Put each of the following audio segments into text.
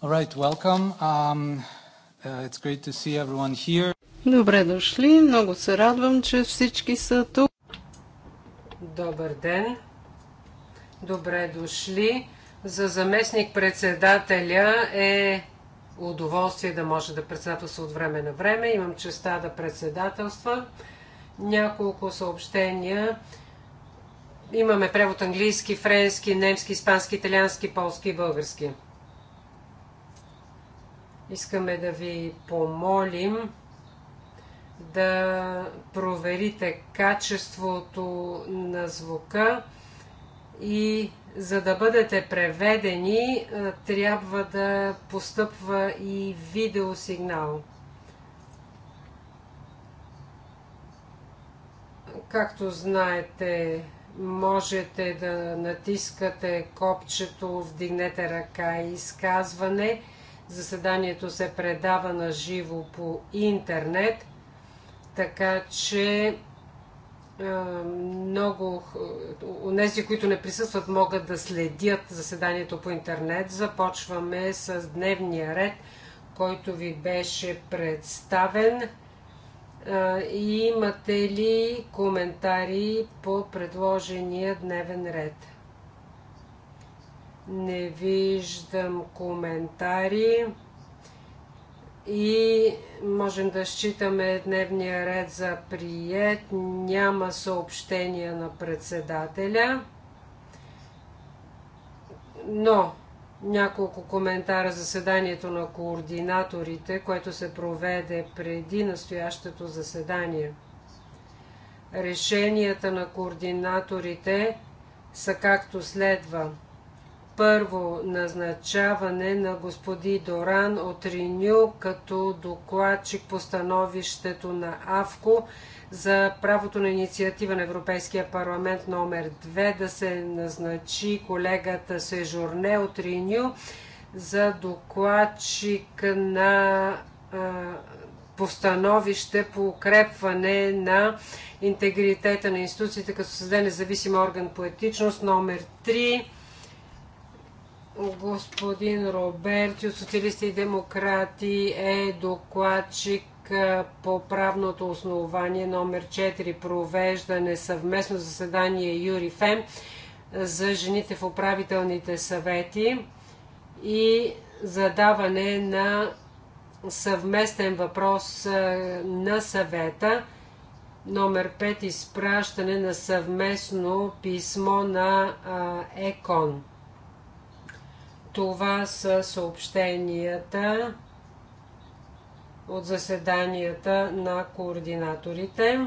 All right, welcome. Um, uh, it's great to see everyone here. Добре дошли. Много се радвам, че всички са тук. Добър ден. Добре дошли. За заместник председателя е удоволствие да може да председателства от време на време. Имам честа да председателства. Няколко съобщения. Имаме превод английски, френски, немски, испански, италиански, полски и български. Искаме да ви помолим да проверите качеството на звука и за да бъдете преведени, е, трябва да постъпва и видеосигнал. Както знаете, можете да натискате копчето, вдигнете ръка и изказване – Заседанието се предава на живо по интернет, така че много от тези, които не присъстват, могат да следят заседанието по интернет. Започваме с дневния ред, който ви беше представен. Имате ли коментари по предложения дневен ред? Не виждам коментари. И можем да считаме дневния ред за прият. Няма съобщения на председателя. Но няколко коментара за заседанието на координаторите, което се проведе преди настоящето заседание. Решенията на координаторите са както следва – първо, назначаване на господи Доран от Риню като докладчик по становището на АВКО за правото на инициатива на Европейския парламент номер 2 да се назначи колегата Сежурне от Риню за докладчик на постановище по укрепване на интегритета на институциите, като създаде независим орган по етичност номер 3 Господин Роберти от Социалисти и Демократи е докладчик по правното основание номер 4 провеждане съвместно заседание Юри Фем за жените в управителните съвети и задаване на съвместен въпрос на съвета номер 5 изпращане на съвместно писмо на ЕКОН. Това са съобщенията от заседанията на координаторите.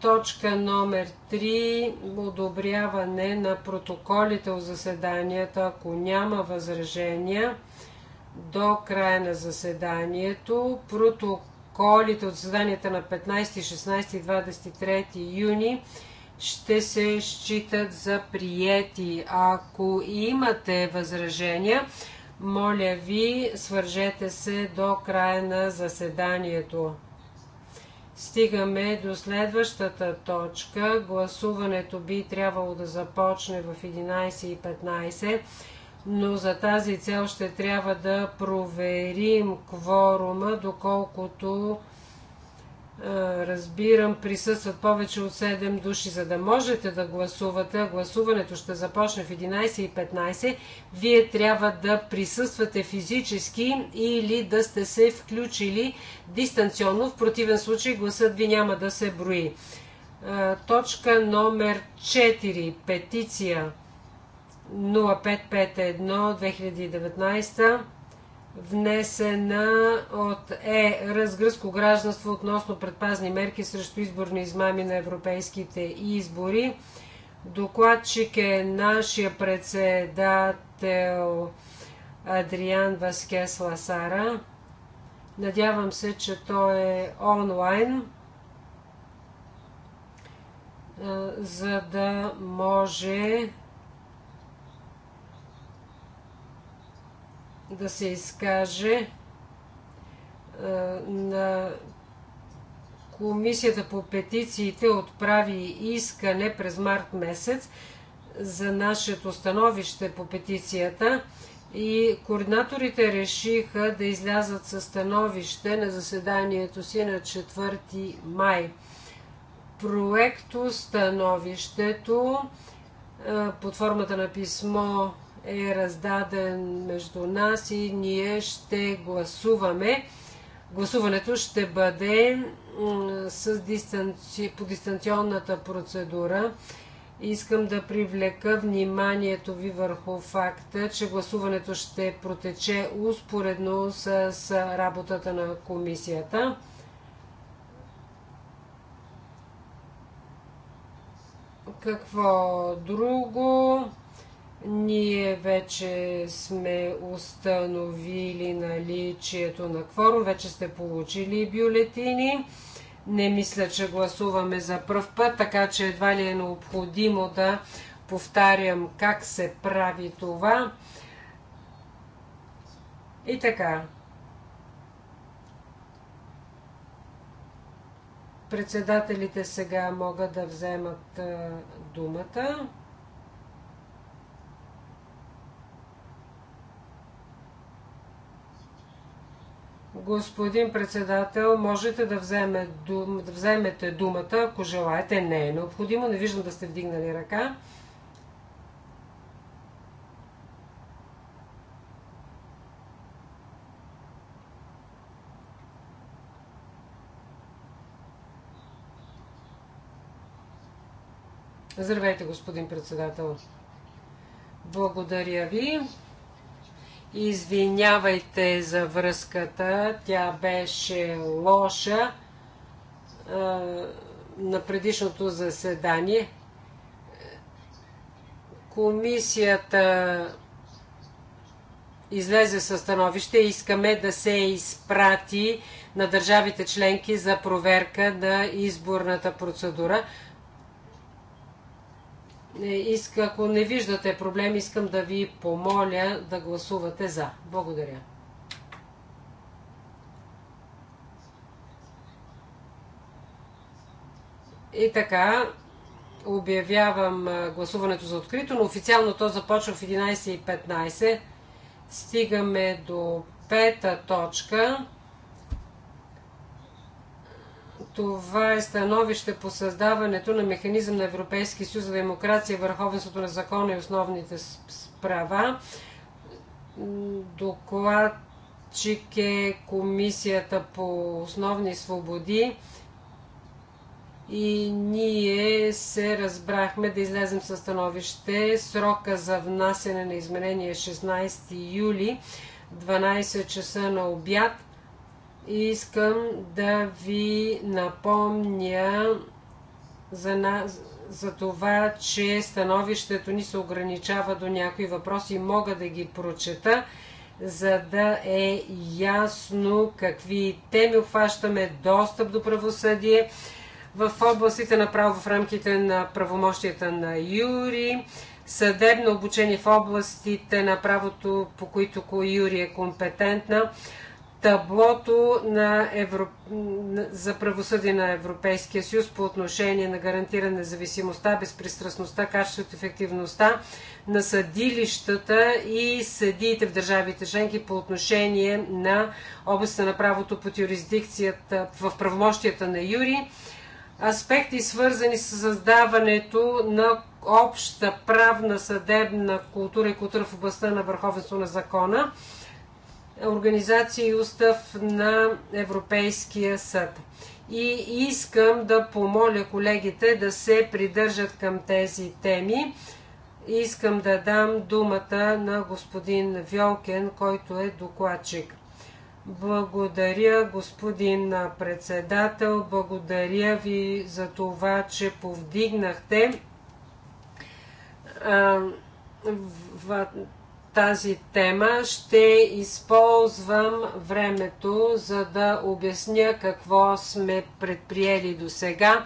Точка номер 3 одобряване на протоколите от заседанията, ако няма възражения до края на заседанието. Протоколите от заседанията на 15, 16 и 23 юни ще се считат за приети. Ако имате възражения, моля ви, свържете се до края на заседанието. Стигаме до следващата точка. Гласуването би трябвало да започне в 11.15, но за тази цел ще трябва да проверим кворума, доколкото разбирам, присъстват повече от 7 души, за да можете да гласувате. Гласуването ще започне в 11.15. Вие трябва да присъствате физически или да сте се включили дистанционно. В противен случай гласът ви няма да се брои. Точка номер 4. Петиция 0551 2019 внесена от Е. Разгръзко гражданство относно предпазни мерки срещу изборни измами на европейските избори. Докладчик е нашия председател Адриан Васкес Ласара. Надявам се, че той е онлайн, за да може да се изкаже е, на Комисията по петициите отправи искане през март месец за нашето становище по петицията и координаторите решиха да излязат със становище на заседанието си на 4 май. Проекто становището е, под формата на писмо е раздаден между нас и ние ще гласуваме. Гласуването ще бъде с дистанци... по дистанционната процедура. Искам да привлека вниманието ви върху факта, че гласуването ще протече успоредно с работата на комисията. Какво друго? Ние вече сме установили наличието на кворум, вече сте получили бюлетини. Не мисля, че гласуваме за пръв път, така че едва ли е необходимо да повтарям как се прави това. И така. Председателите сега могат да вземат думата. Господин председател, можете да, вземе, да вземете думата, ако желаете. Не е необходимо. Не виждам да сте вдигнали ръка. Здравейте, господин председател. Благодаря ви. Извинявайте за връзката, тя беше лоша а, на предишното заседание. Комисията излезе със становище, и искаме да се изпрати на държавите членки за проверка на изборната процедура. Иска, ако не виждате проблем, искам да ви помоля да гласувате за. Благодаря. И така, обявявам гласуването за открито, но официално то започва в 11.15. Стигаме до пета точка. Това е становище по създаването на механизъм на Европейски съюз за демокрация, върховенството на закона и основните права. Докладчик е Комисията по основни свободи и ние се разбрахме да излезем със становище. Срока за внасяне на изменение 16 е юли, 12 часа на обяд. Искам да ви напомня за, на, за това, че становището ни се ограничава до някои въпроси. Мога да ги прочета, за да е ясно какви теми обхващаме. Достъп до правосъдие в областите на право в рамките на правомощията на Юри, съдебно обучение в областите на правото, по които Юри е компетентна, таблото на Европ... за правосъдие на Европейския съюз по отношение на гарантиране независимостта, безпристрастността, качеството, ефективността на съдилищата и съдиите в държавите членки по отношение на областта на правото под юрисдикцията в правомощията на Юри. Аспекти свързани с създаването на обща правна съдебна култура и култура в областта на върховенство на закона – организация и устав на Европейския съд. И искам да помоля колегите да се придържат към тези теми. Искам да дам думата на господин Вьолкен, който е докладчик. Благодаря, господин председател. Благодаря ви за това, че повдигнахте тази тема, ще използвам времето, за да обясня какво сме предприели до сега.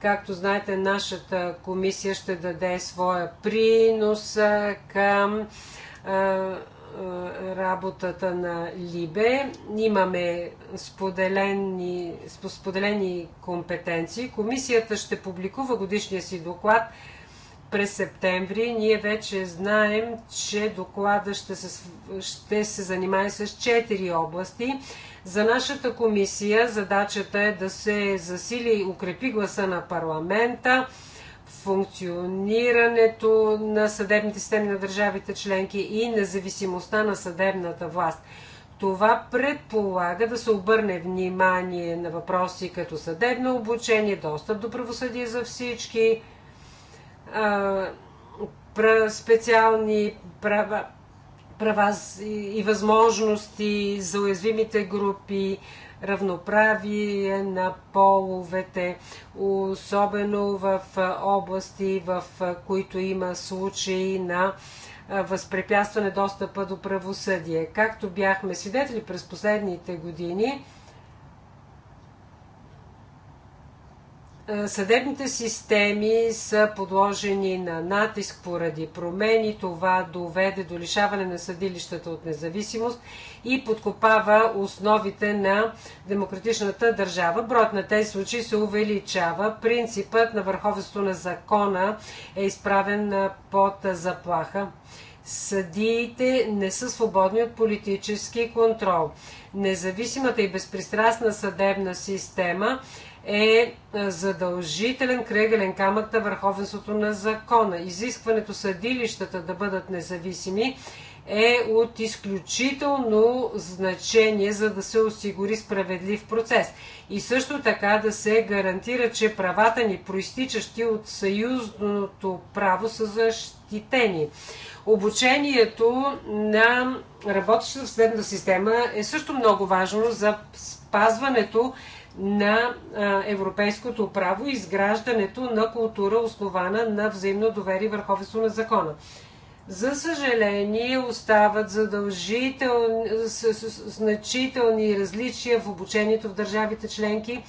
Както знаете, нашата комисия ще даде своя принос към работата на Либе. Имаме споделени, споделени компетенции. Комисията ще публикува годишния си доклад през септември. Ние вече знаем, че доклада ще се, ще се занимае с четири области. За нашата комисия задачата е да се засили и укрепи гласа на парламента, функционирането на съдебните системи на държавите членки и независимостта на съдебната власт. Това предполага да се обърне внимание на въпроси като съдебно обучение, достъп до правосъдие за всички, специални права, права и възможности за уязвимите групи, равноправие на половете, особено в области, в които има случаи на възпрепятстване достъпа до правосъдие. Както бяхме свидетели през последните години, Е, съдебните системи са подложени на натиск поради промени. Това доведе до лишаване на съдилищата от независимост и подкопава основите на демократичната държава. Броят на тези случаи се увеличава. Принципът на върховенство на закона е изправен под заплаха. Съдиите не са свободни от политически контрол. Независимата и безпристрастна съдебна система е, е задължителен кръгелен камък на върховенството на закона. Изискването съдилищата да бъдат независими е от изключително значение, за да се осигури справедлив процес. И също така да се гарантира, че правата ни, проистичащи от съюзното право, са защитени. Обучението на работещата в съдебна система е също много важно за спазването на европейското право и изграждането на култура, основана на взаимно доверие и върховенство на закона. За съжаление, остават задължителни, значителни различия в обучението в държавите членки.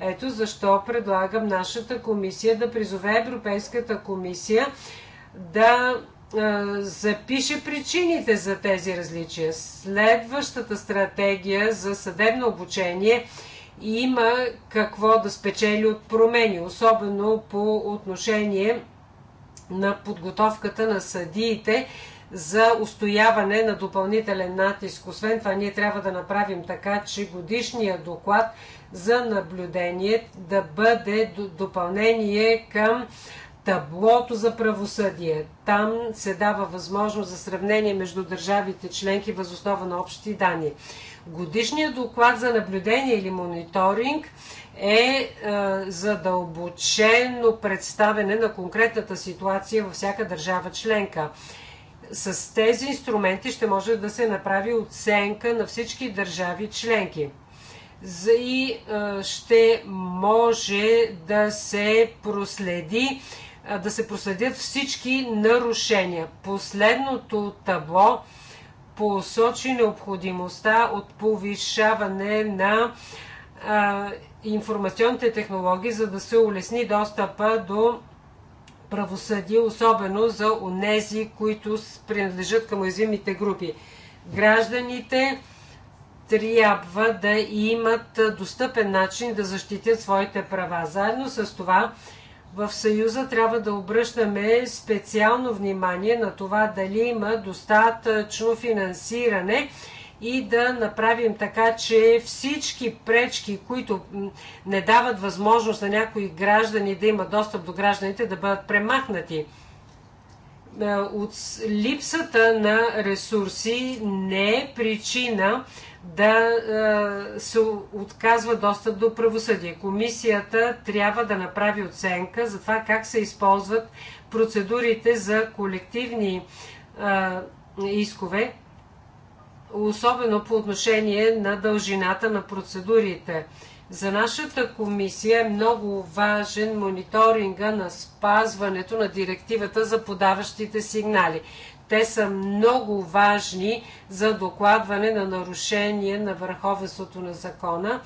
Ето защо предлагам нашата комисия да призове Европейската комисия да запише причините за тези различия. Следващата стратегия за съдебно обучение – има какво да спечели от промени, особено по отношение на подготовката на съдиите за устояване на допълнителен натиск. Освен това, ние трябва да направим така, че годишния доклад за наблюдение да бъде допълнение към таблото за правосъдие. Там се дава възможност за сравнение между държавите членки възоснова на общи данни. Годишният доклад за наблюдение или мониторинг е, е задълбочено представене на конкретната ситуация във всяка държава членка. С тези инструменти ще може да се направи оценка на всички държави членки. И е, ще може да се проследи е, да се проследят всички нарушения. Последното табло посочи необходимостта от повишаване на а, информационните технологии, за да се улесни достъпа до правосъдие, особено за онези, които принадлежат към уязвимите групи. Гражданите трябва да имат достъпен начин да защитят своите права. Заедно с това в Съюза трябва да обръщаме специално внимание на това дали има достатъчно финансиране и да направим така, че всички пречки, които не дават възможност на някои граждани да има достъп до гражданите, да бъдат премахнати. Е, от липсата на ресурси не е причина да е, се отказва достъп до правосъдие. Комисията трябва да направи оценка за това как се използват процедурите за колективни е, искове, особено по отношение на дължината на процедурите. За нашата комисия е много важен мониторинга на спазването на директивата за подаващите сигнали. Те са много важни за докладване на нарушение на върховенството на закона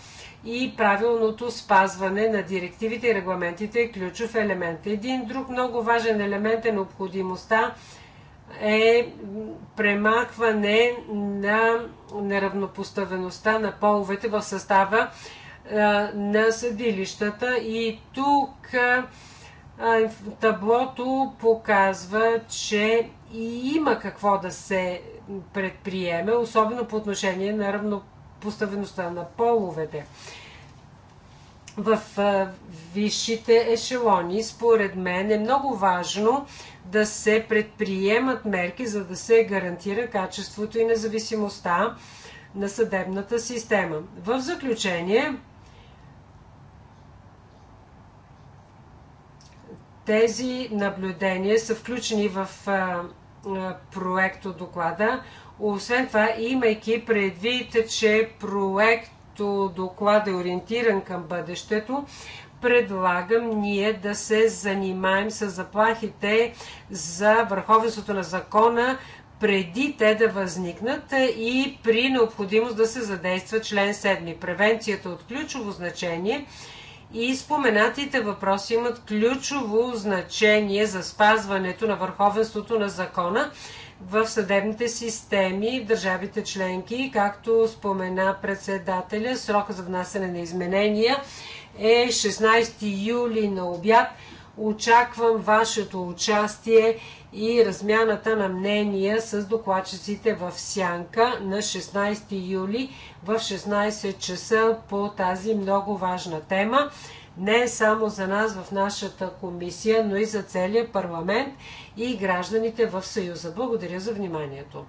и правилното спазване на директивите и регламентите е ключов елемент. Един друг много важен елемент е необходимостта е премахване на неравнопоставеността на половете в състава на съдилищата. И тук таблото показва, че и има какво да се предприеме, особено по отношение на равнопоставеността на половете. В висшите ешелони, според мен, е много важно да се предприемат мерки, за да се гарантира качеството и независимостта на съдебната система. В заключение, тези наблюдения са включени в е, проекто доклада. Освен това, имайки предвид, че проекто доклад е ориентиран към бъдещето, предлагам ние да се занимаем с заплахите за върховенството на закона преди те да възникнат и при необходимост да се задейства член 7. Превенцията от ключово значение – и споменатите въпроси имат ключово значение за спазването на върховенството на закона в съдебните системи в държавите членки. Както спомена председателя, срока за внасяне на изменения е 16 юли на обяд. Очаквам вашето участие и размяната на мнения с докладчиците в Сянка на 16 юли в 16 часа по тази много важна тема. Не само за нас в нашата комисия, но и за целия парламент и гражданите в Съюза. Благодаря за вниманието.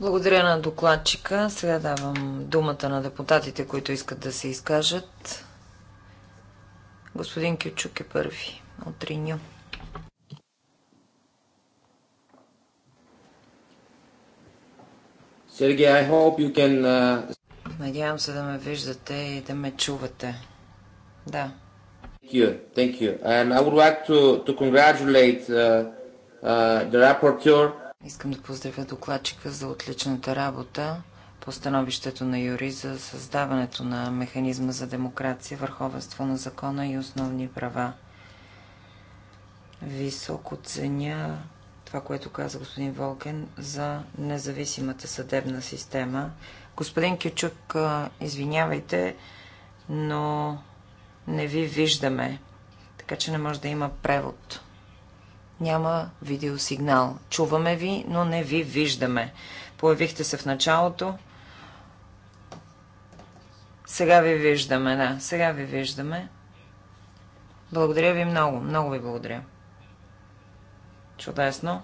Благодаря на докладчика. Сега давам думата на депутатите, които искат да се изкажат. Господин Кючук е първи от Сергей, uh, Надявам се да ме виждате и да ме чувате. Да. Thank you, thank you. And I would like to, to congratulate uh, uh, the rapporteur. Искам да поздравя докладчика за отличната работа по становището на Юри за създаването на механизма за демокрация, върховенство на закона и основни права високо ценя това, което каза господин Волген за независимата съдебна система. Господин Кючук, извинявайте, но не ви виждаме, така че не може да има превод. Няма видеосигнал. Чуваме ви, но не ви виждаме. Появихте се в началото. Сега ви виждаме, да. Сега ви виждаме. Благодаря ви много. Много ви благодаря. Чудесно.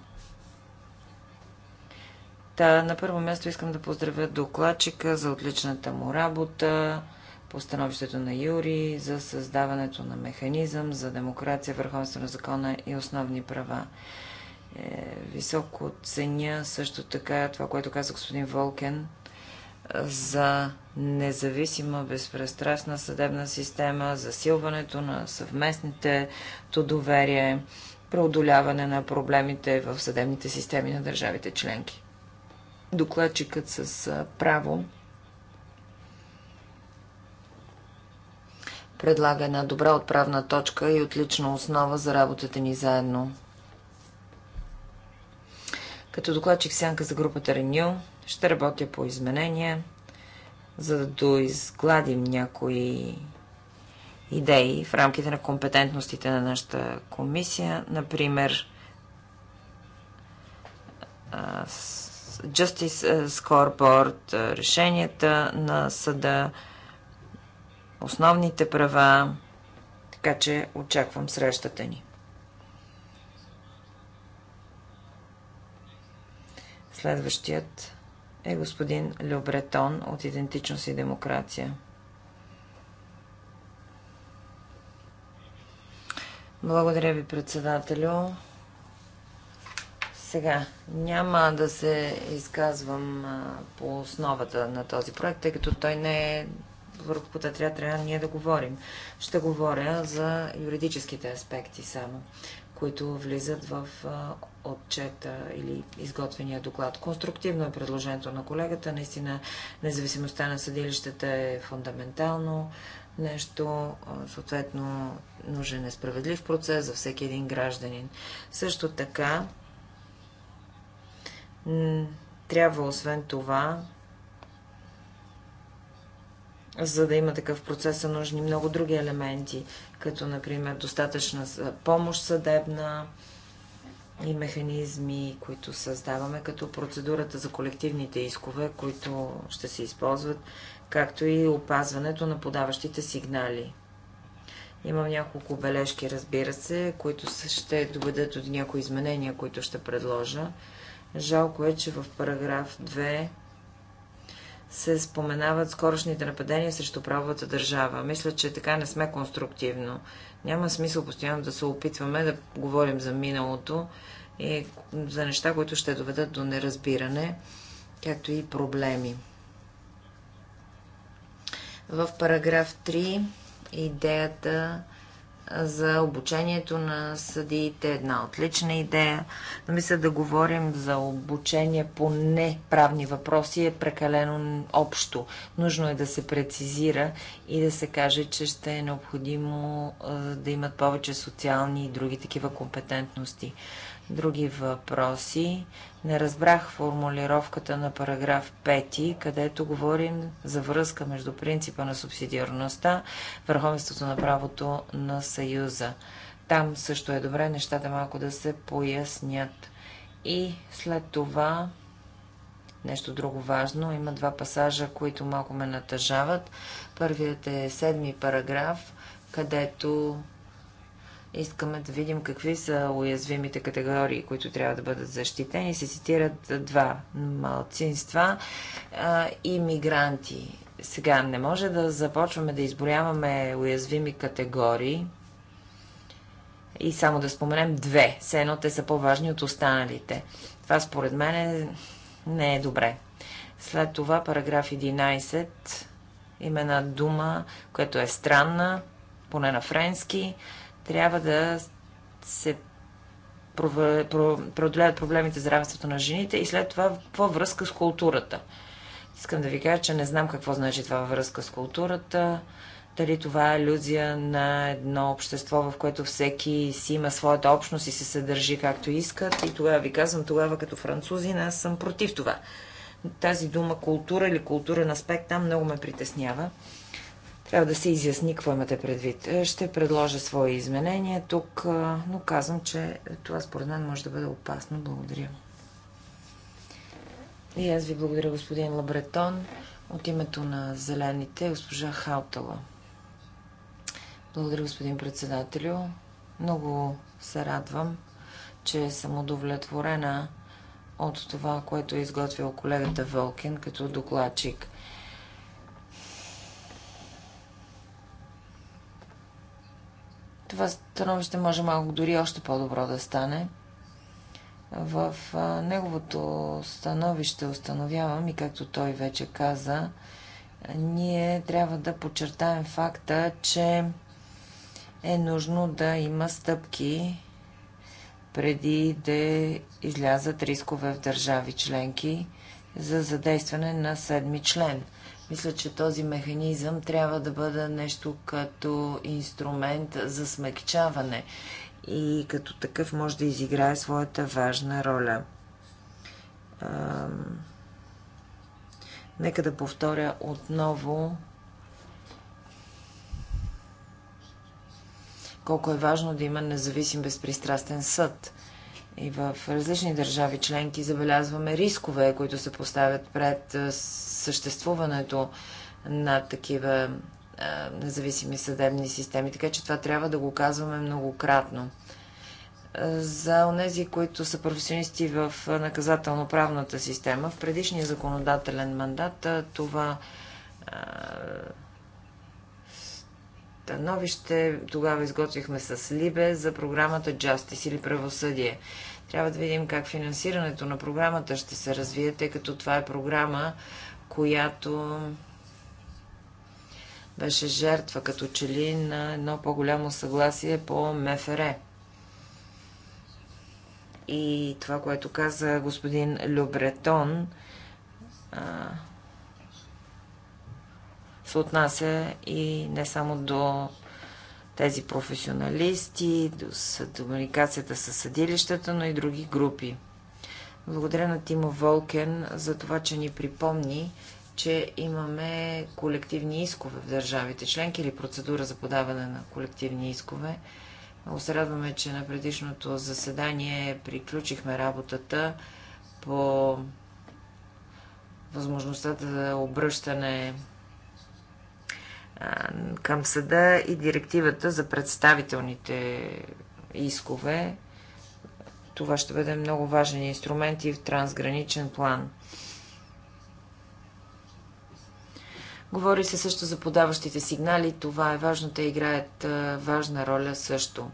Та, на първо място искам да поздравя докладчика за отличната му работа, по становището на Юри, за създаването на механизъм за демокрация, върховенство на закона и основни права. Е, високо ценя също така това, което каза господин Волкен за независима, безпрестрастна съдебна система, засилването на съвместните то доверие преодоляване на проблемите в съдебните системи на държавите членки. Докладчикът с право предлага една добра отправна точка и отлична основа за работата ни заедно. Като докладчик сянка за групата Реню, ще работя по изменения, за да доизгладим някои идеи в рамките на компетентностите на нашата комисия. Например, Justice Scoreboard, решенията на съда, основните права, така че очаквам срещата ни. Следващият е господин Любретон от Идентичност и демокрация. Благодаря ви, председателю. Сега, няма да се изказвам по основата на този проект, тъй като той не е върху която трябва, трябва ние да говорим. Ще говоря за юридическите аспекти само, които влизат в отчета или изготвения доклад. Конструктивно е предложението на колегата. Наистина, независимостта на съдилищата е фундаментално нещо, съответно нужен е справедлив процес за всеки един гражданин. Също така, трябва освен това, за да има такъв процес, са нужни много други елементи, като например достатъчна помощ съдебна, и механизми, които създаваме, като процедурата за колективните искове, които ще се използват както и опазването на подаващите сигнали. Имам няколко бележки, разбира се, които ще доведат от някои изменения, които ще предложа. Жалко е, че в параграф 2 се споменават скорошните нападения срещу правовата държава. Мисля, че така не сме конструктивно. Няма смисъл постоянно да се опитваме да говорим за миналото и за неща, които ще доведат до неразбиране, както и проблеми в параграф 3 идеята за обучението на съдиите. Една отлична идея. Но мисля да говорим за обучение по неправни въпроси е прекалено общо. Нужно е да се прецизира и да се каже, че ще е необходимо да имат повече социални и други такива компетентности други въпроси. Не разбрах формулировката на параграф 5, където говорим за връзка между принципа на субсидиарността, върховенството на правото на Съюза. Там също е добре нещата малко да се пояснят. И след това нещо друго важно. Има два пасажа, които малко ме натъжават. Първият е седми параграф, където Искаме да видим какви са уязвимите категории, които трябва да бъдат защитени. Се цитират два малцинства а, и мигранти. Сега не може да започваме да изборяваме уязвими категории и само да споменем две. Все едно те са по-важни от останалите. Това според мен не е добре. След това параграф 11 има една дума, която е странна, поне на френски, трябва да се преодолеят проблемите за равенството на жените и след това във връзка с културата. Искам да ви кажа, че не знам какво значи това във връзка с културата. Дали това е иллюзия на едно общество, в което всеки си има своята общност и се съдържи както искат. И тогава ви казвам, тогава като французин, аз съм против това. Тази дума култура или културен аспект там много ме притеснява. Трябва да се изясни какво имате предвид. Е, ще предложа свои изменения тук, е, но казвам, че това според мен може да бъде опасно. Благодаря. И аз ви благодаря, господин Лабретон. От името на Зелените, госпожа Хаутала. Благодаря, господин председателю. Много се радвам, че съм удовлетворена от това, което е изготвил колегата Вълкин като докладчик. Това становище може малко дори още по-добро да стане. В неговото становище установявам и както той вече каза, ние трябва да подчертаем факта, че е нужно да има стъпки преди да излязат рискове в държави членки за задействане на седми член – мисля, че този механизъм трябва да бъде нещо като инструмент за смекчаване и като такъв може да изиграе своята важна роля. Нека да повторя отново колко е важно да има независим безпристрастен съд. И в различни държави членки забелязваме рискове, които се поставят пред съществуването на такива а, независими съдебни системи. Така че това трябва да го казваме многократно. За онези, които са професионисти в наказателно-правната система, в предишния законодателен мандат това становище тогава изготвихме с Либе за програмата Justice или правосъдие. Трябва да видим как финансирането на програмата ще се развие, тъй като това е програма, която беше жертва като че ли на едно по-голямо съгласие по МФР. И това, което каза господин Любретон, се отнася и не само до тези професионалисти, до комуникацията с съдилищата, но и други групи. Благодаря на Тимо Волкен за това, че ни припомни, че имаме колективни искове в държавите членки или процедура за подаване на колективни искове. Много се радваме, че на предишното заседание приключихме работата по възможността за обръщане към съда и директивата за представителните искове това ще бъде много важен инструмент и в трансграничен план. Говори се също за подаващите сигнали. Това е важно. Те играят важна роля също.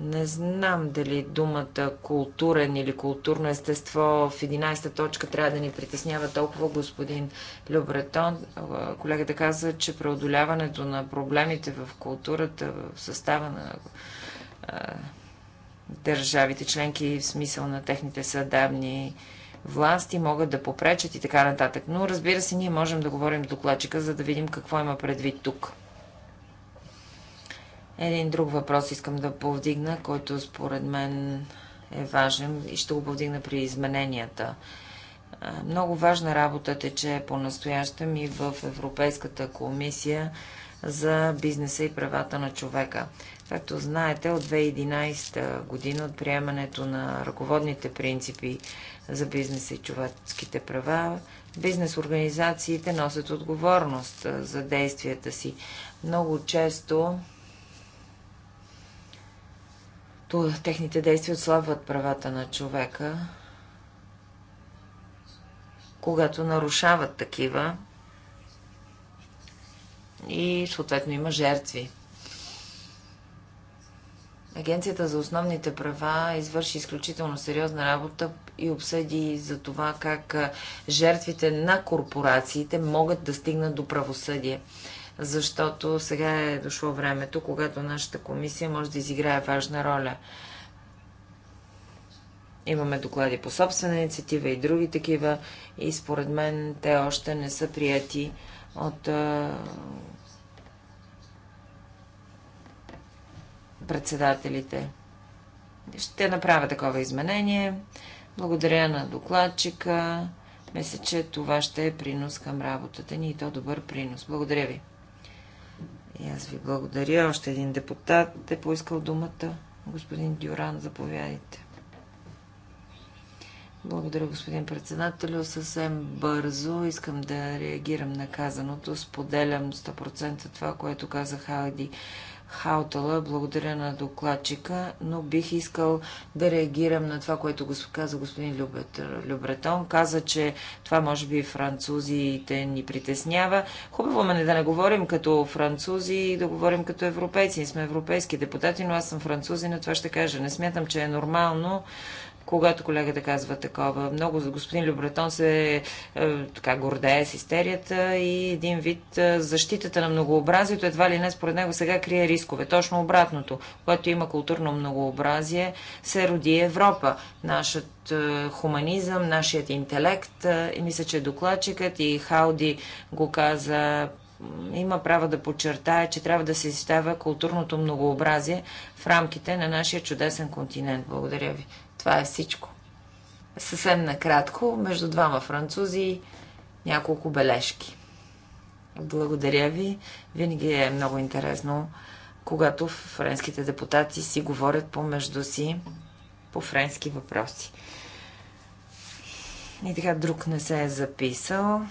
Не знам дали думата културен или културно естество в 11-та точка трябва да ни притеснява толкова господин Любретон. Колегата каза, че преодоляването на проблемите в културата, в състава на държавите членки в смисъл на техните съдебни власти могат да попречат и така нататък. Но разбира се, ние можем да говорим с докладчика, за да видим какво има предвид тук. Един друг въпрос искам да повдигна, който според мен е важен и ще го повдигна при измененията. Много важна работа тече по-настоящем и в Европейската комисия за бизнеса и правата на човека. Както знаете, от 2011 година от приемането на ръководните принципи за бизнеса и човешките права, бизнес организациите носят отговорност за действията си. Много често техните действия отслабват правата на човека, когато нарушават такива и съответно има жертви. Агенцията за основните права извърши изключително сериозна работа и обсъди за това как жертвите на корпорациите могат да стигнат до правосъдие. Защото сега е дошло времето, когато нашата комисия може да изиграе важна роля. Имаме доклади по собствена инициатива и други такива и според мен те още не са прияти от председателите. Ще направя такова изменение. Благодаря на докладчика. Мисля, че това ще е принос към работата ни и то добър принос. Благодаря ви. И аз ви благодаря. Още един депутат е поискал думата. Господин Дюран, заповядайте. Благодаря, господин председател, Съвсем бързо искам да реагирам на казаното. Споделям 100% това, което каза Алди. Хаутала. Благодаря на докладчика, но бих искал да реагирам на това, което го каза господин Любретон. Каза, че това може би французите ни притеснява. Хубаво ме да не говорим като французи и да говорим като европейци. Ние сме европейски депутати, но аз съм французи, на това ще кажа. Не смятам, че е нормално когато колегата казва такова. Много господин Любретон се е, така гордее с истерията и един вид е, защитата на многообразието едва ли не според него сега крие рискове. Точно обратното. което има културно многообразие, се роди Европа. Нашият е, хуманизъм, нашият интелект. Е, и мисля, че докладчикът и Хауди го каза има право да подчертая, че трябва да се изстава културното многообразие в рамките на нашия чудесен континент. Благодаря ви. Това е всичко. Съвсем накратко, между двама французи, няколко бележки. Благодаря ви. Винаги е много интересно, когато френските депутати си говорят помежду си по френски въпроси. И така, друг не се е записал.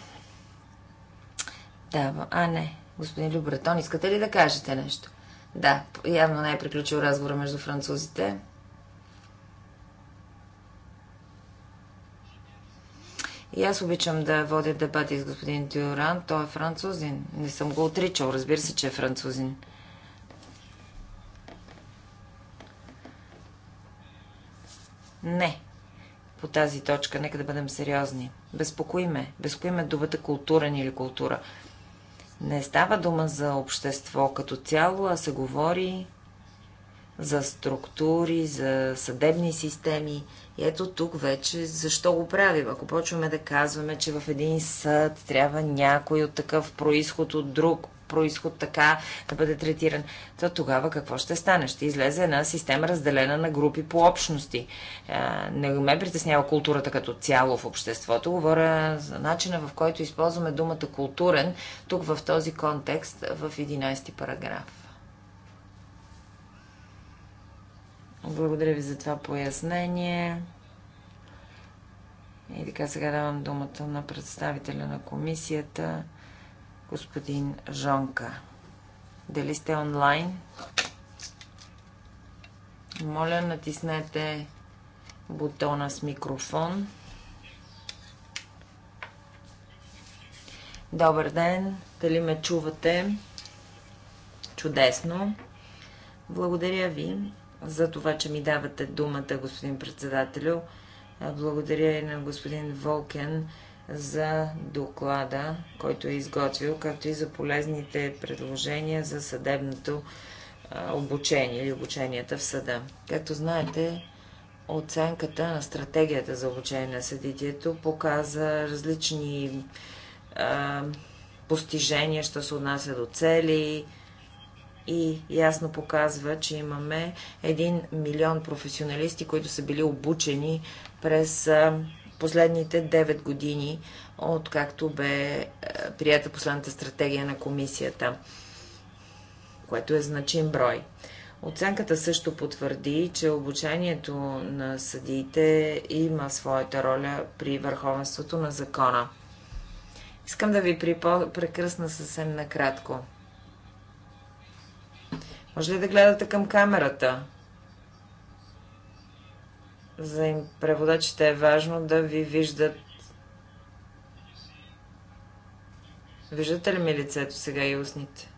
Да, а не. Господин Любретон, искате ли да кажете нещо? Да, явно не е приключил разговора между французите. И аз обичам да водя дебати с господин Дюран. Той е французин. Не съм го отричал. Разбира се, че е французин. Не. По тази точка, нека да бъдем сериозни. Безпокои ме. Безпокои ме думата култура ни или култура. Не става дума за общество като цяло, а се говори за структури, за съдебни системи. И ето тук вече защо го правим. Ако почваме да казваме, че в един съд трябва някой от такъв происход, от друг происход така да бъде третиран, то тогава какво ще стане? Ще излезе една система разделена на групи по общности. Не ме притеснява културата като цяло в обществото. Говоря за начина в който използваме думата културен тук в този контекст в 11 параграф. Благодаря ви за това пояснение. И така сега давам думата на представителя на комисията, господин Жонка. Дали сте онлайн? Моля, натиснете бутона с микрофон. Добър ден! Дали ме чувате? Чудесно! Благодаря ви за това, че ми давате думата, господин председателю. Благодаря и на господин Волкен за доклада, който е изготвил, както и за полезните предложения за съдебното обучение или обученията в съда. Както знаете, оценката на стратегията за обучение на съдитието показа различни а, постижения, що се отнася до цели, и ясно показва, че имаме един милион професионалисти, които са били обучени през последните 9 години, откакто бе е, прията последната стратегия на комисията, което е значим брой. Оценката също потвърди, че обучението на съдиите има своята роля при върховенството на закона. Искам да ви припо... прекръсна съвсем накратко. Може ли да гледате към камерата? За им преводачите е важно да ви виждат. Виждате ли ми лицето сега и устните?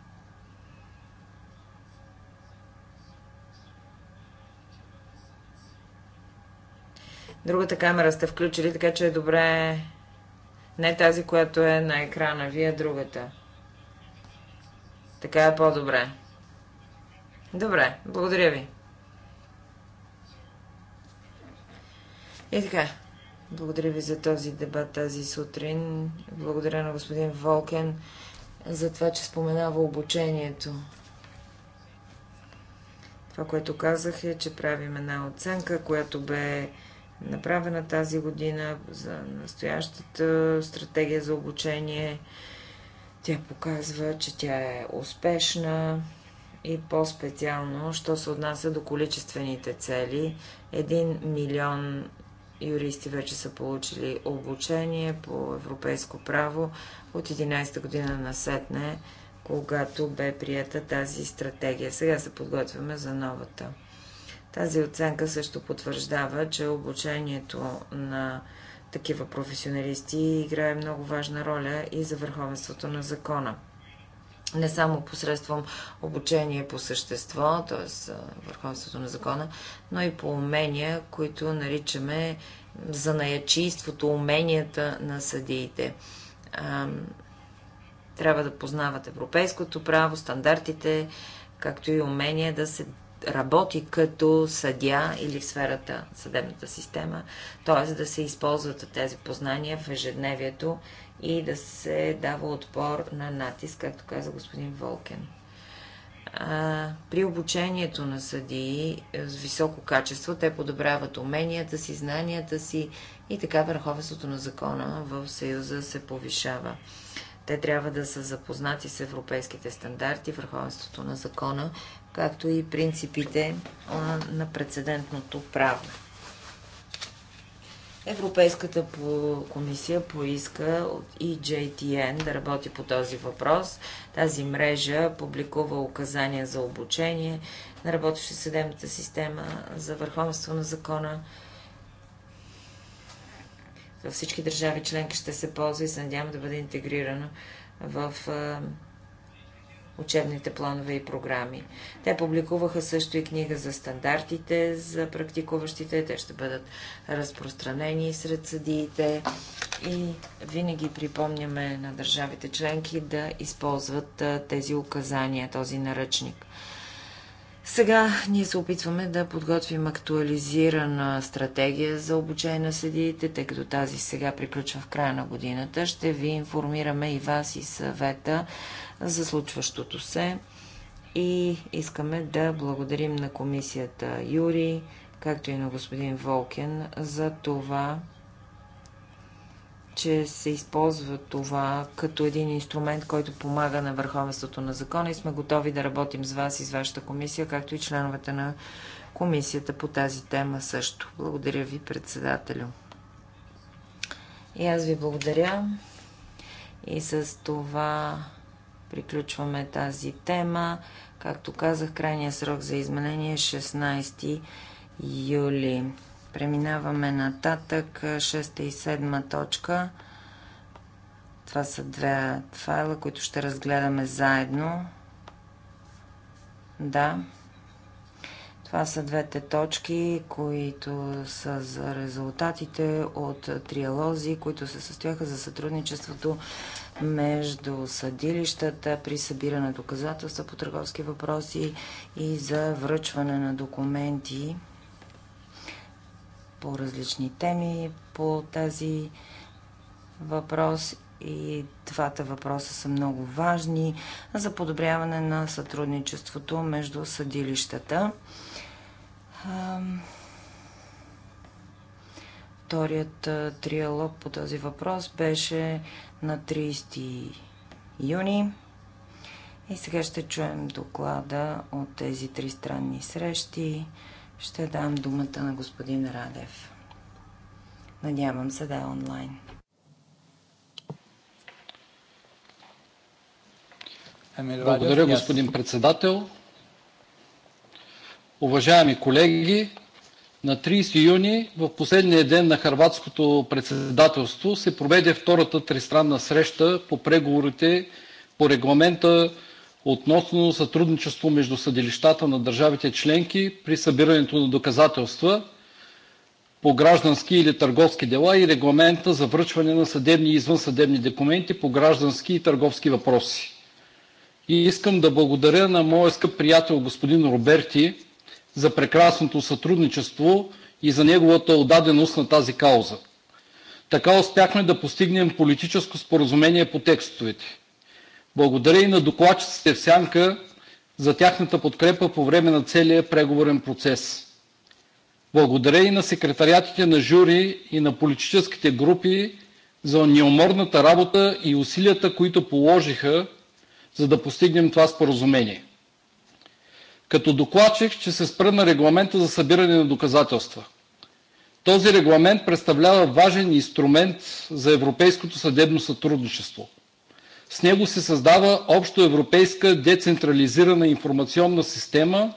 Другата камера сте включили, така че е добре не тази, която е на екрана, вие другата. Така е по-добре. Добре, благодаря ви. И така, благодаря ви за този дебат тази сутрин. Благодаря на господин Волкен за това, че споменава обучението. Това, което казах е, че правим една оценка, която бе направена тази година за настоящата стратегия за обучение. Тя показва, че тя е успешна, и по-специално, що се отнася до количествените цели. Един милион юристи вече са получили обучение по европейско право от 11-та година на Сетне, когато бе прията тази стратегия. Сега се подготвяме за новата. Тази оценка също потвърждава, че обучението на такива професионалисти играе много важна роля и за върховенството на закона не само посредством обучение по същество, т.е. върховенството на закона, но и по умения, които наричаме занаячийството, уменията на съдиите. Трябва да познават европейското право, стандартите, както и умения да се работи като съдя или в сферата съдебната система, т.е. да се използват тези познания в ежедневието и да се дава отпор на натиск, както каза господин Волкен. А, при обучението на съдии е, с високо качество те подобряват уменията си, знанията си и така върховенството на закона в Съюза се повишава. Те трябва да са запознати с европейските стандарти, върховенството на закона, както и принципите на прецедентното право. Европейската комисия поиска от EJTN да работи по този въпрос. Тази мрежа публикува указания за обучение на работеща съдебната система за върховенство на закона. Във всички държави членки ще се ползва и се надявам да бъде интегрирана в учебните планове и програми. Те публикуваха също и книга за стандартите за практикуващите. Те ще бъдат разпространени сред съдиите и винаги припомняме на държавите членки да използват тези указания, този наръчник. Сега ние се опитваме да подготвим актуализирана стратегия за обучение на съдиите, тъй като тази сега приключва в края на годината. Ще ви информираме и вас и съвета за случващото се. И искаме да благодарим на комисията Юри, както и на господин Волкен за това, че се използва това като един инструмент, който помага на върховенството на закона и сме готови да работим с вас и с вашата комисия, както и членовете на комисията по тази тема също. Благодаря ви, председателю. И аз ви благодаря. И с това приключваме тази тема. Както казах, крайният срок за изменение е 16 юли. Преминаваме нататък. 6 и 7 точка. Това са две файла, които ще разгледаме заедно. Да. Това са двете точки, които са за резултатите от триалози, които се състояха за сътрудничеството между съдилищата при събиране на доказателства по търговски въпроси и за връчване на документи по различни теми по тази въпрос и двата въпроса са много важни за подобряване на сътрудничеството между съдилищата. Вторият триалог по този въпрос беше на 30 юни. И сега ще чуем доклада от тези три странни срещи ще дам думата на господин Радев. Надявам се да е онлайн. Ами, Благодаря, господин председател. Уважаеми колеги, на 30 юни, в последния ден на Харватското председателство, се проведе втората тристранна среща по преговорите по регламента относно сътрудничество между съдилищата на държавите членки при събирането на доказателства по граждански или търговски дела и Регламента за връчване на съдебни и извънсъдебни документи по граждански и търговски въпроси. И искам да благодаря на моя скъп приятел господин Роберти за прекрасното сътрудничество и за неговата отдаденост на тази кауза. Така успяхме да постигнем политическо споразумение по текстовете. Благодаря и на докладчиците в сянка за тяхната подкрепа по време на целия преговорен процес. Благодаря и на секретариатите на жури и на политическите групи за неуморната работа и усилията, които положиха, за да постигнем това споразумение. Като докладчик ще се спра на регламента за събиране на доказателства. Този регламент представлява важен инструмент за европейското съдебно сътрудничество. С него се създава общоевропейска децентрализирана информационна система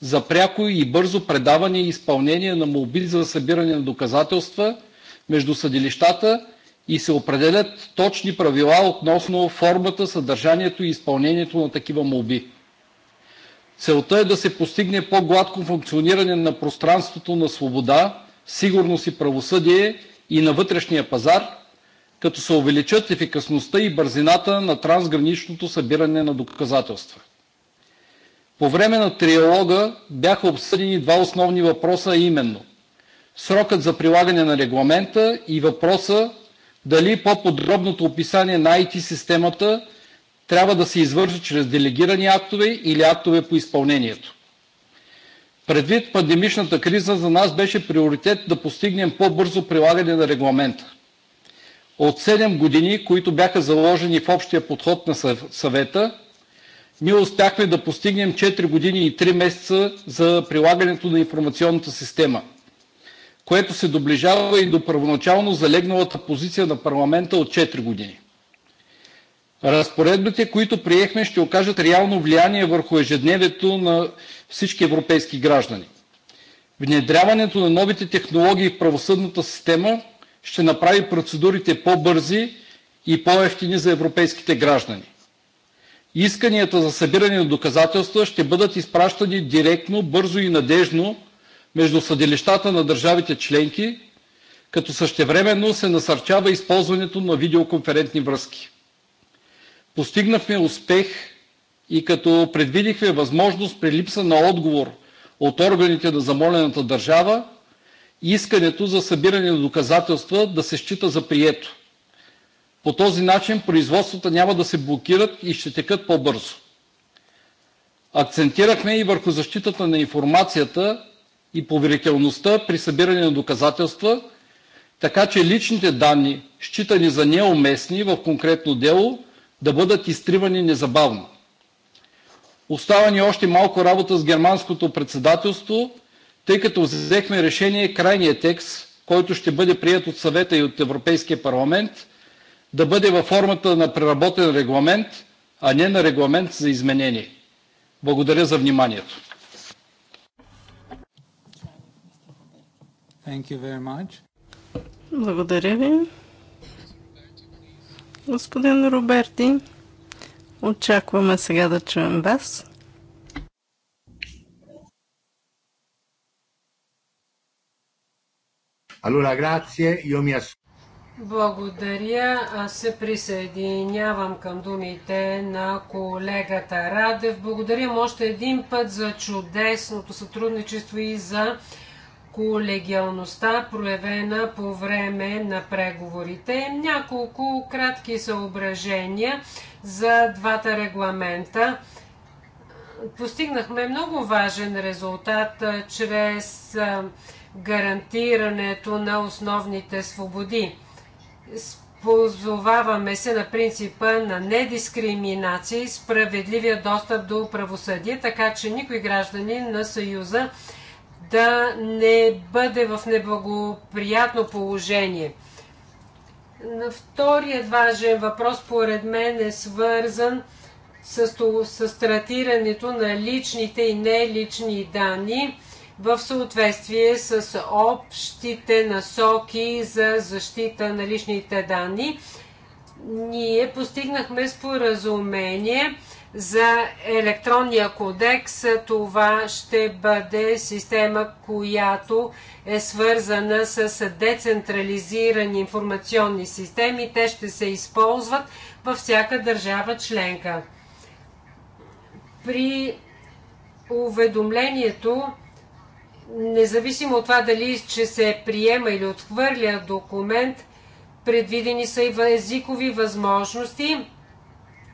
за пряко и бързо предаване и изпълнение на молби за събиране на доказателства между съдилищата и се определят точни правила относно формата, съдържанието и изпълнението на такива молби. Целта е да се постигне по-гладко функциониране на пространството на свобода, сигурност и правосъдие и на вътрешния пазар, като се увеличат ефикасността и бързината на трансграничното събиране на доказателства. По време на триалога бяха обсъдени два основни въпроса, а именно срокът за прилагане на регламента и въпроса дали по-подробното описание на IT системата трябва да се извърши чрез делегирани актове или актове по изпълнението. Предвид пандемичната криза за нас беше приоритет да постигнем по-бързо прилагане на регламента от 7 години, които бяха заложени в общия подход на съвета, ние успяхме да постигнем 4 години и 3 месеца за прилагането на информационната система, което се доближава и до първоначално залегналата позиция на парламента от 4 години. Разпоредбите, които приехме, ще окажат реално влияние върху ежедневието на всички европейски граждани. Внедряването на новите технологии в правосъдната система ще направи процедурите по-бързи и по-евтини за европейските граждани. Исканията за събиране на доказателства ще бъдат изпращани директно, бързо и надежно между съдилищата на държавите членки, като същевременно се насърчава използването на видеоконферентни връзки. Постигнахме успех и като предвидихме възможност при липса на отговор от органите на замолената държава искането за събиране на доказателства да се счита за прието. По този начин производствата няма да се блокират и ще текат по-бързо. Акцентирахме и върху защитата на информацията и поверителността при събиране на доказателства, така че личните данни, считани за неуместни в конкретно дело, да бъдат изтривани незабавно. Остава ни още малко работа с германското председателство тъй като взехме решение крайният текст, който ще бъде прият от Съвета и от Европейския парламент, да бъде във формата на преработен регламент, а не на регламент за изменение. Благодаря за вниманието. Благодаря ви. Господин Роберти, очакваме сега да чуем вас. Allora, grazie, io mi assumo. Благодаря. Аз се присъединявам към думите на колегата Радев. Благодаря му още един път за чудесното сътрудничество и за колегиалността, проявена по време на преговорите. Няколко кратки съображения за двата регламента. Постигнахме много важен резултат чрез гарантирането на основните свободи. Позоваваме се на принципа на недискриминация и справедливия достъп до правосъдие, така че никой гражданин на Съюза да не бъде в неблагоприятно положение. Вторият важен въпрос, поред мен, е свързан с, с тратирането на личните и неличните данни в съответствие с общите насоки за защита на личните данни. Ние постигнахме споразумение за електронния кодекс. Това ще бъде система, която е свързана с децентрализирани информационни системи. Те ще се използват във всяка държава членка. При уведомлението независимо от това дали че се приема или отхвърля документ, предвидени са и езикови възможности.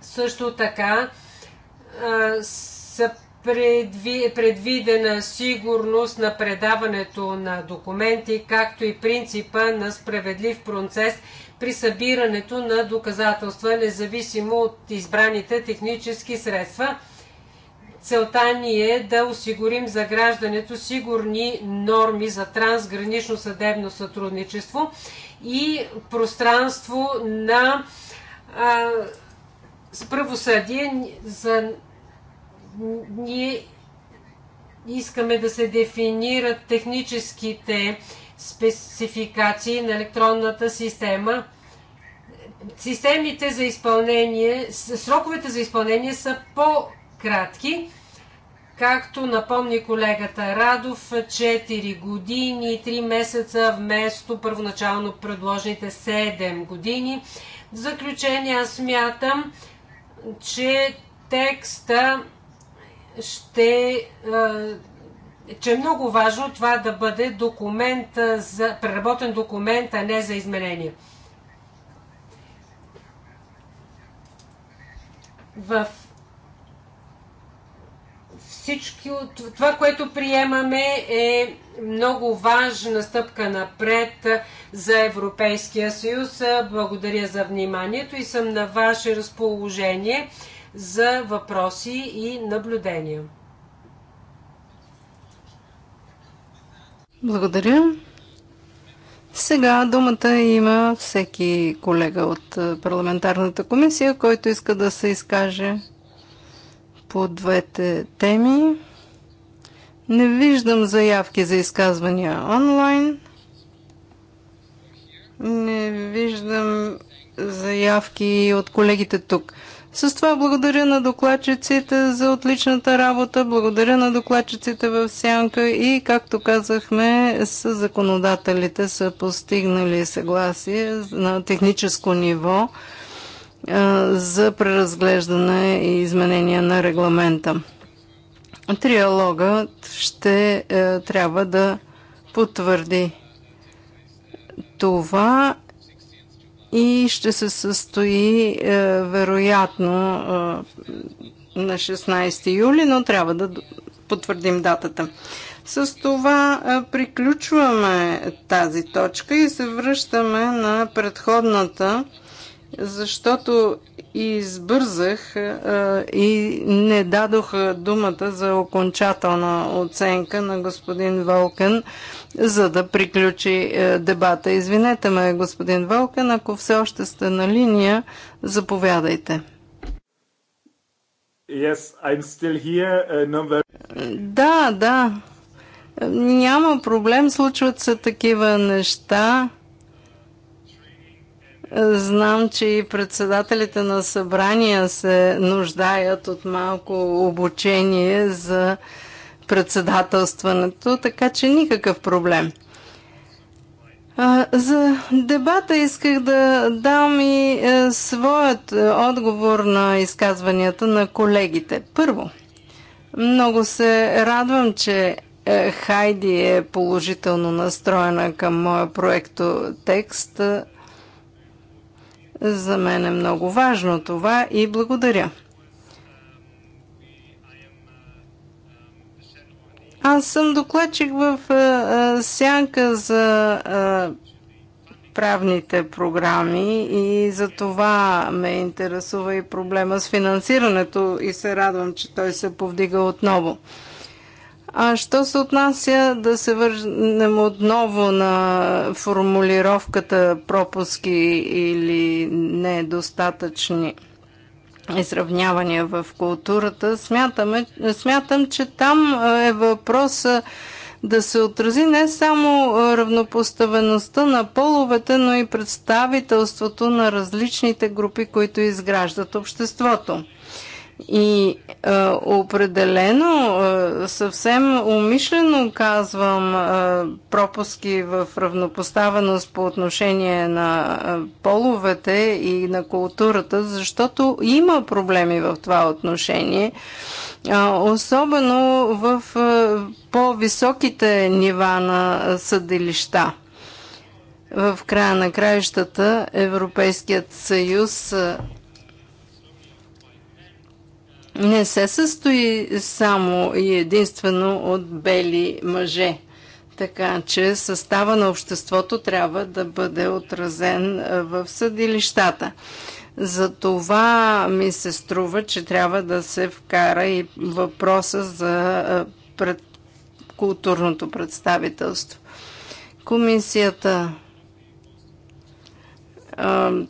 Също така са предвидена сигурност на предаването на документи, както и принципа на справедлив процес при събирането на доказателства, независимо от избраните технически средства. Целта ни е да осигурим за граждането сигурни норми за трансгранично съдебно сътрудничество и пространство на правосъдие. За, ние искаме да се дефинират техническите спецификации на електронната система. Системите за изпълнение, сроковете за изпълнение са по кратки. Както напомни колегата Радов, 4 години и 3 месеца вместо първоначално предложените 7 години. В заключение аз смятам, че текста ще че е много важно това да бъде документ за, преработен документ, а не за изменение. В всички от това, което приемаме е много важна стъпка напред за Европейския съюз. Благодаря за вниманието и съм на ваше разположение за въпроси и наблюдения. Благодаря. Сега думата има всеки колега от парламентарната комисия, който иска да се изкаже по двете теми. Не виждам заявки за изказвания онлайн. Не виждам заявки от колегите тук. С това благодаря на докладчиците за отличната работа, благодаря на докладчиците в Сянка и, както казахме, с законодателите са постигнали съгласие на техническо ниво за преразглеждане и изменение на регламента. Триалогът ще е, трябва да потвърди това и ще се състои е, вероятно е, на 16 юли, но трябва да потвърдим датата. С това приключваме тази точка и се връщаме на предходната защото избързах и не дадох думата за окончателна оценка на господин Волкен, за да приключи е, дебата. Извинете ме, господин Волкен, ако все още сте на линия, заповядайте. Yes, I'm still here. Uh, number... Да, да. Няма проблем, случват се такива неща. Знам, че и председателите на събрания се нуждаят от малко обучение за председателстването, така че никакъв проблем. За дебата исках да дам и е, своят е, отговор на изказванията на колегите. Първо, много се радвам, че е, Хайди е положително настроена към моя проекто текст – за мен е много важно това и благодаря. Аз съм докладчик в сянка за правните програми и за това ме интересува и проблема с финансирането и се радвам, че той се повдига отново. А що се отнася да се върнем отново на формулировката пропуски или недостатъчни изравнявания в културата, смятаме, смятам, че там е въпроса да се отрази не само равнопоставеността на половете, но и представителството на различните групи, които изграждат обществото. И а, е, определено, а, е, съвсем умишлено казвам а, е, пропуски в равнопоставеност по отношение на а, половете и на културата, защото има проблеми в това отношение. А, особено в по-високите нива на съдилища. В края на краищата Европейският съюз. А, не се състои само и единствено от бели мъже. Така че състава на обществото трябва да бъде отразен е, в съдилищата. За това ми се струва, че трябва да се вкара и въпроса за е, пред... културното представителство. Комисията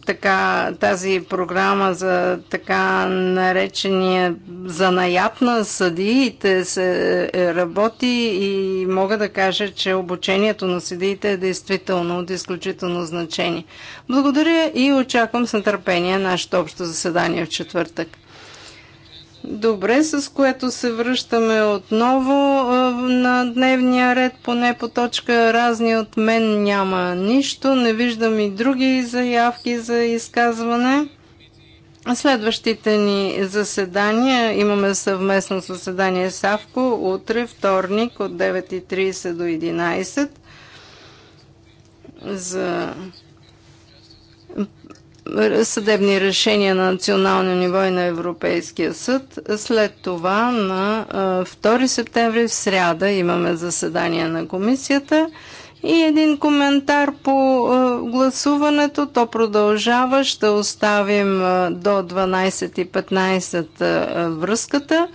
така, тази програма за така наречения занаят на съдиите се е, работи и мога да кажа, че обучението на съдиите е действително от изключително значение. Благодаря и очаквам с нетърпение нашето общо заседание в четвъртък. Добре, с което се връщаме отново на дневния ред, поне по точка разни от мен няма нищо. Не виждам и други заявки за изказване. Следващите ни заседания имаме съвместно заседание с Авко утре, вторник от 9.30 до 11 за съдебни решения на национално ниво и на Европейския съд. След това на 2 септември в сряда имаме заседание на комисията и един коментар по гласуването. То продължава. Ще оставим до 12.15 връзката.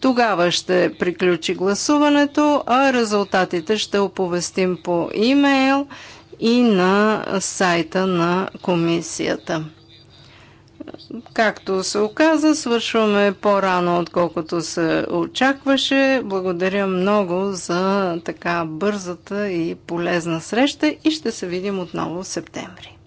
Тогава ще приключи гласуването, а резултатите ще оповестим по имейл и на сайта на комисията. Както се оказа, свършваме по-рано, отколкото се очакваше. Благодаря много за така бързата и полезна среща и ще се видим отново в септември.